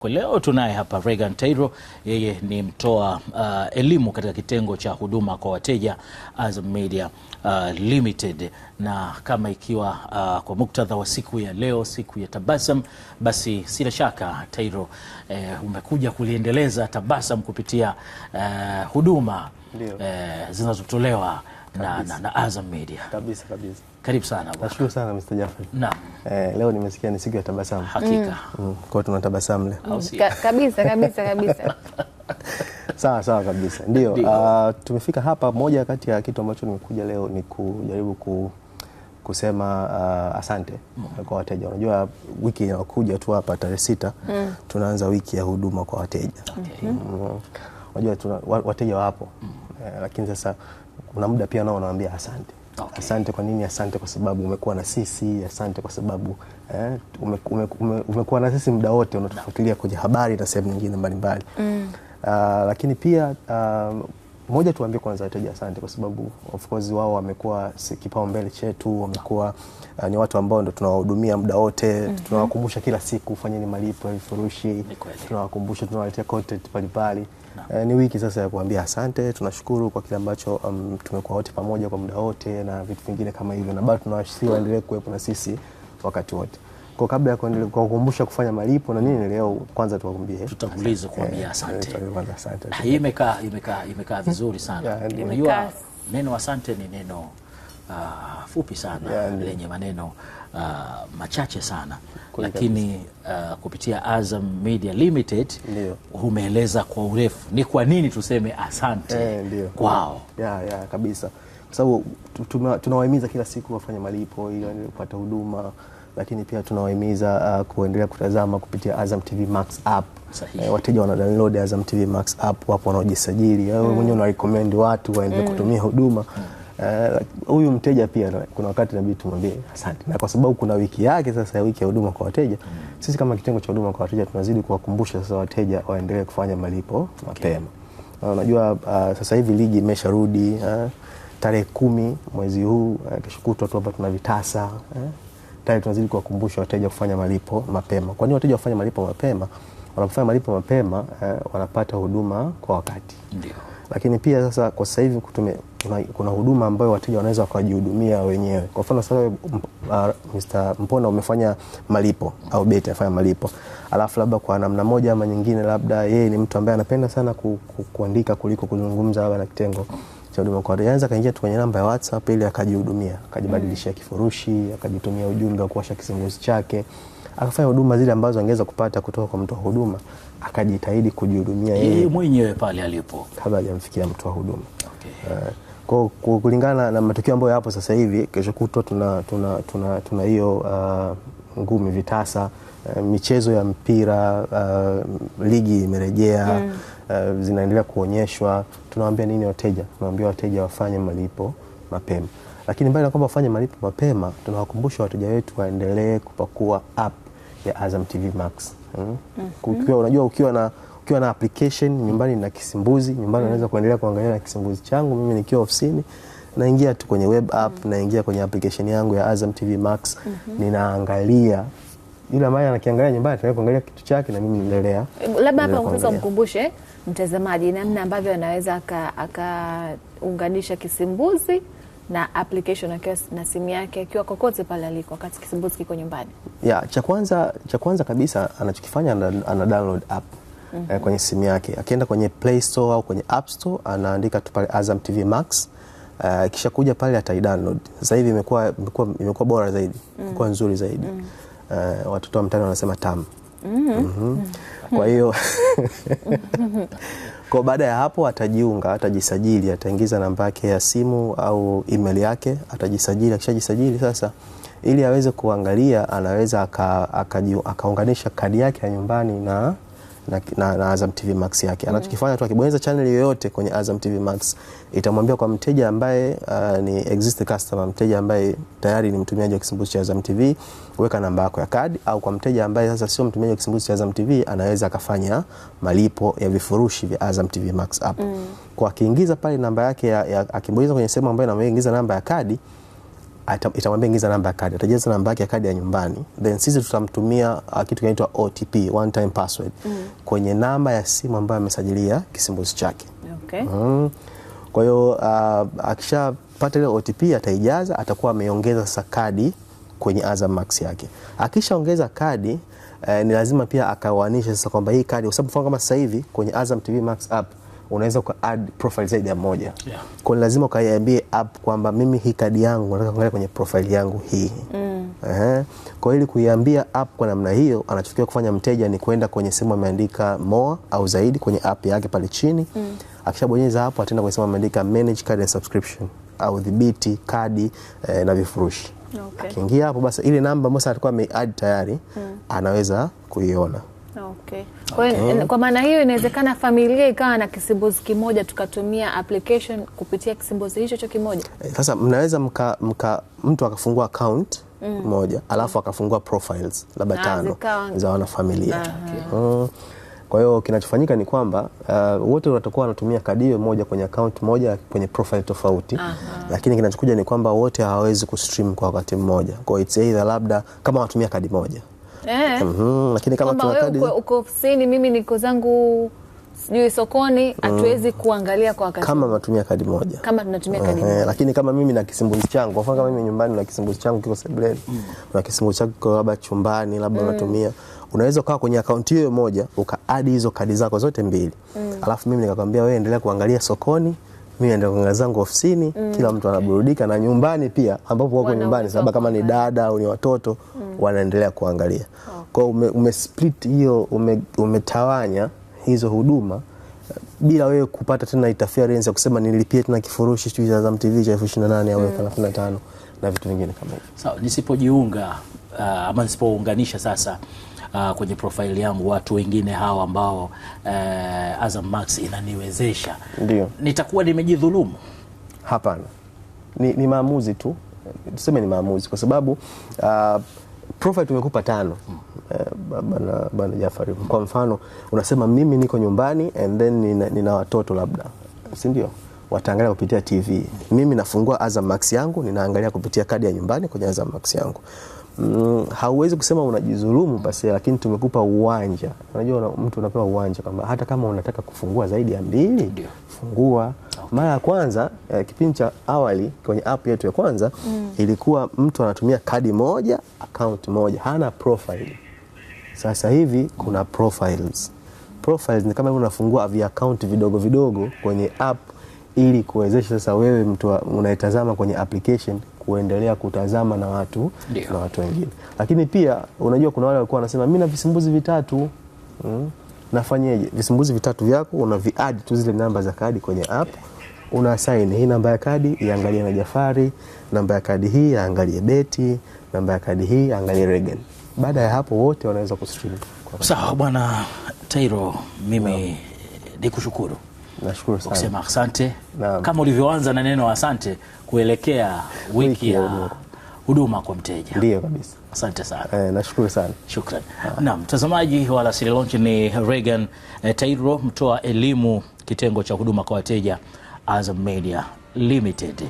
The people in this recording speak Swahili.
Kwa leo tunaye hapa regan Tairo, yeye ni mtoa uh, elimu katika kitengo cha huduma kwa wateja Azam Media uh, Limited, na kama ikiwa uh, kwa muktadha wa siku ya leo, siku ya tabasamu, basi sina shaka Tairo, eh, umekuja kuliendeleza tabasamu kupitia eh, huduma eh, zinazotolewa na, na, na Azam Media kabisa kabisa. Karibu sana. Nashukuru sana Mr. Jaffer. Naam. Eh, leo nimesikia ni siku ya tabasamu. Hakika. Mm. Kwa tunatabasamu leo. Ka kabisa kabisa kabisa. Sawa sawa kabisa. Ndio, uh, tumefika hapa. Moja kati ya kitu ambacho nimekuja leo ni kujaribu ku kusema uh, asante mm. kwa wateja. Unajua wiki inayokuja tu hapa tarehe sita mm. tunaanza wiki ya huduma kwa wateja. Okay. Mm-hmm. Mm. Unajua tuna, wateja wapo mm. eh, lakini sasa kuna muda pia nao wanawaambia asante Okay. Asante kwa nini? Asante kwa sababu umekuwa na sisi, asante kwa sababu eh, ume, ume, ume, umekuwa na sisi muda wote, unatufuatilia kwenye habari na sehemu nyingine mbalimbali mm. Uh, lakini pia uh, moja tuambie kwanza wateja asante, kwa sababu of course wao wamekuwa kipaumbele chetu, wamekuwa uh, ni watu ambao ndo tunawahudumia muda wote mm -hmm. Tunawakumbusha kila siku, fanyeni malipo ya vifurushi, tunawakumbusha, tunawaletea content mbalimbali no. Uh, eh, ni wiki sasa ya kuambia asante, tunashukuru kwa kile ambacho um, tumekuwa wote pamoja kwa muda wote na vitu vingine kama hivyo, na bado tunawasihi waendelee kuwepo na sisi wakati wote. Kwa kabla ya kukumbusha kufanya malipo na nini, leo kwanza tuwakumbie, tutakuuliza eh, kuambia eh, asante. Ah, hii imekaa imekaa imekaa vizuri sana. Unajua neno asante ni neno uh, fupi sana yani, lenye maneno uh, machache sana Kuli lakini uh, kupitia Azam Media Limited umeeleza kwa urefu ni kwa nini tuseme asante yeah, kwao ya, ya, kabisa kwa sababu tunawahimiza kila siku wafanye malipo ili wapate huduma lakini pia tunawahimiza uh, kuendelea kutazama kupitia Azam TV Max app. E, wateja wana download Azam TV Max app, wapo wanaojisajili. Yaani mm. mwenyewe una recommend watu waendelee mm. kutumia huduma mm eh, huyu uh, mteja pia kuna wakati inabidi tumwambie asante, na kwa sababu kuna wiki yake sasa ya wiki ya huduma kwa wateja mm. Sisi kama kitengo cha huduma kwa wateja tunazidi kuwakumbusha sasa wateja waendelee kufanya malipo mapema. Okay. Unajua uh, sasa hivi ligi imesharudi uh, tarehe kumi mwezi huu uh, kesho kutwa tu hapa tuna vitasa uh, tayari tunazidi kuwakumbusha wateja kufanya malipo mapema. Kwa nini wateja wafanye malipo mapema? Wanapofanya malipo mapema eh, wanapata huduma kwa wakati. Ndio. Lakini pia sasa kwa sasa hivi kuna, kuna huduma ambayo wateja wanaweza wakajihudumia wenyewe. Kwa mfano sasa, uh, Mr. Mpona umefanya malipo au Beti afanya malipo, alafu labda kwa namna moja ama nyingine, labda yeye ni mtu ambaye anapenda sana ku, ku, kuandika kuliko kuzungumza labda na kitengo cha huduma kwa wateja. kaingia tu kwenye namba ya WhatsApp ili akajihudumia, akajibadilishia kifurushi, akajitumia ujumbe wa kuwasha kizunguzi chake, akafanya huduma zile ambazo angeweza kupata kutoka kwa wa huduma, akajitahidi kujihudumia yeye mwenyewe pale alipo kabla hajamfikia wa huduma. Okay. Uh, kwa, kulingana na matukio ambayo yapo sasa hivi, kesho kutwa tuna tuna tuna hiyo tuna, ah, tuna ngumi, vitasa, eh, michezo ya mpira uh, ligi imerejea mm. Uh, zinaendelea kuonyeshwa. Tunawaambia nini wateja? Tunawaambia wateja wafanye malipo mapema, lakini mbali na kwamba wafanye malipo mapema, tunawakumbusha wateja wetu waendelee kupakua app ya Azam TV Max mm. mm -hmm. Mhm. unajua ukiwa na ukiwa na application nyumbani na kisimbuzi nyumbani, mm unaweza kuendelea kuangalia na kisimbuzi changu mimi nikiwa ofisini naingia tu kwenye web app mm -hmm. naingia kwenye application yangu ya Azam TV Max mm -hmm. ninaangalia yule ambaye anakiangalia nyumbani tunaweza kuangalia kitu chake na mimi niendelea. Labda hapa unaweza mkumbushe mtazamaji namna ambavyo anaweza akaunganisha aka kisimbuzi na application akiwa na simu yake akiwa kokote pale aliko wakati kisimbuzi kiko nyumbani. Yeah, cha kwanza cha kwanza kabisa anachokifanya ana download app mm -hmm. kwenye simu yake akienda kwenye Play Store au kwenye App Store anaandika tu pale Azam TV Max Uh, kisha kuja pale atai download. Sasa hivi imekuwa imekuwa imekuwa bora zaidi, imekuwa mm. nzuri zaidi mm. Uh, watoto wa mtaani wanasema tamu mm mm -hmm. kwa hiyo kwa baada ya hapo atajiunga, atajisajili, ataingiza namba yake ya simu au email yake, atajisajili. Akishajisajili sasa, ili aweze kuangalia, anaweza akaunganisha aka, aka kadi yake ya nyumbani na na, na, na Azam TV Max yake anachokifanya tu akibonyeza channel yoyote kwenye Azam TV Max itamwambia kwa mteja ambaye uh, ni exist customer, mteja ambaye tayari ni mtumiaji wa kisimbuzi cha Azam TV, weka namba yako ya kadi, au kwa mteja ambaye sasa sio mtumiaji wa kisimbuzi cha Azam TV anaweza akafanya malipo ya vifurushi vya Azam TV Max app. Mm. Kwa akiingiza pale namba yake ya, ya akibonyeza kwenye sehemu ambayo inaingiza namba ya kadi itamwambia ingiza namba ya kadi, atajaza namba yake ya kadi ya nyumbani, then sisi tutamtumia uh, kitu kinaitwa OTP, one time password mm. kwenye namba ya simu ambayo amesajilia kisimbuzi chake okay. mm. kwa hiyo uh, akishapata ile OTP ataijaza, atakuwa ameongeza sasa kadi kwenye Azam Max yake. Akishaongeza kadi eh, ni lazima pia akawanisha sasa kwamba hii kadi, kwa sababu kama sasa hivi kwenye Azam TV Max app unaweza uka add profile zaidi ya moja yeah. Kwa lazima ukaiambie app kwamba mimi hii kadi yangu nataka kuangalia kwenye profile yangu hii mm. uh-huh. Kwa ili kuiambia app kwa namna hiyo, anachotakiwa kufanya mteja ni kwenda kwenye sehemu ameandika more au zaidi kwenye app yake pale chini mm. Akishabonyeza hapo ataenda kwenye sehemu ameandika manage card and subscription au dhibiti kadi eh, na vifurushi okay. Akiingia hapo basi ile namba ambayo alikuwa add tayari mm. anaweza kuiona. Ah, okay. Kwa, okay. Ah. Kwa maana hiyo inawezekana familia ikawa na kisimbuzi kimoja tukatumia application kupitia kisimbuzi hicho cho kimoja. Eh, sasa mnaweza mka, mka, mtu akafungua account mm. moja alafu akafungua profiles labda ah, tano za wanafamilia Kwa hiyo kinachofanyika ni kwamba uh, wote watakuwa wanatumia kadio moja kwenye akaunti moja kwenye profile tofauti. Aha. Lakini kinachokuja ni kwamba wote hawawezi kustream kwa wakati mmoja, kwa hiyo it's either labda kama wanatumia kadi moja eh. mm-hmm. Lakini kama tunakadi uko ofisini, mimi niko zangu sijui sokoni, mm. hatuwezi mm. kuangalia kwa wakati kama natumia kadi moja, kama tunatumia kadi eh, moja. Lakini kama mimi na kisimbuzi changu, kwa mfano mimi nyumbani na kisimbuzi changu kiko sebuleni mm. na kisimbuzi changu kiko labda chumbani, labda unatumia mm. unaweza ukawa kwenye akaunti hiyo moja ukaadi hizo kadi zako zote mbili mm. alafu mimi nikakwambia wewe endelea kuangalia sokoni mimi ndio kanga zangu ofisini mm. kila mtu anaburudika na nyumbani pia ambapo wako nyumbani sababu kama ni dada au ni watoto mm. wanaendelea kuangalia oh. kwa ume, ume split hiyo ume, umetawanya hizo huduma bila wewe kupata tena interference ya kusema nilipie tena kifurushi cha Azam TV cha 28 au 35 mm. na vitu vingine kama hivyo. Sawa, so, nisipojiunga uh, ama nisipounganisha sasa uh, kwenye profile yangu watu wengine hawa ambao uh, Azam Max inaniwezesha, ndio nitakuwa nimejidhulumu? Hapana, ni, ni maamuzi tu, tuseme ni maamuzi kwa sababu uh, profile tumekupa tano hmm. eh, bana bana Jafari, kwa mfano unasema mimi niko nyumbani and then nina, nina watoto labda, si ndio? Wataangalia kupitia TV. Mimi nafungua Azam Max yangu, ninaangalia kupitia kadi ya nyumbani kwenye Azam Max yangu mm, hauwezi kusema unajizulumu basi, lakini tumekupa uwanja. Unajua una, mtu unapewa uwanja kwamba hata kama unataka kufungua zaidi ya mbili Dio. fungua okay. Mara ya kwanza eh, kipindi cha awali kwenye app yetu ya kwanza mm. ilikuwa mtu anatumia kadi moja account moja, hana profile. Sasa hivi kuna profiles. Profiles ni kama unafungua vi account vidogo vidogo kwenye app ili kuwezesha sasa wewe mtu unayetazama kwenye application kuendelea kutazama na watu Dio. na watu wengine. Lakini pia unajua kuna wale walikuwa wanasema mimi na visimbuzi vitatu mm, nafanyeje? Visimbuzi vitatu vyako una viadi tu zile namba za kadi kwenye app una sign hii namba ya kadi iangalie na Jafari, namba ya kadi hii angalie Beti, namba ya kadi hii angalie Regen. Baada ya hapo wote wanaweza kustream. Sawa bwana Tairo, mimi nikushukuru. Nashukuru sana. Kusema asante. Kama ulivyoanza na neno asante kuelekea wiki, wiki ya huduma, kwa mteja. Ndio kabisa. Asante sana. Eh, nashukuru sana. Shukrani. Ah. Naam, mtazamaji wa Alasiri Lounge ni Regan eh, Tairo mtoa elimu kitengo cha huduma kwa wateja Azam Media Limited.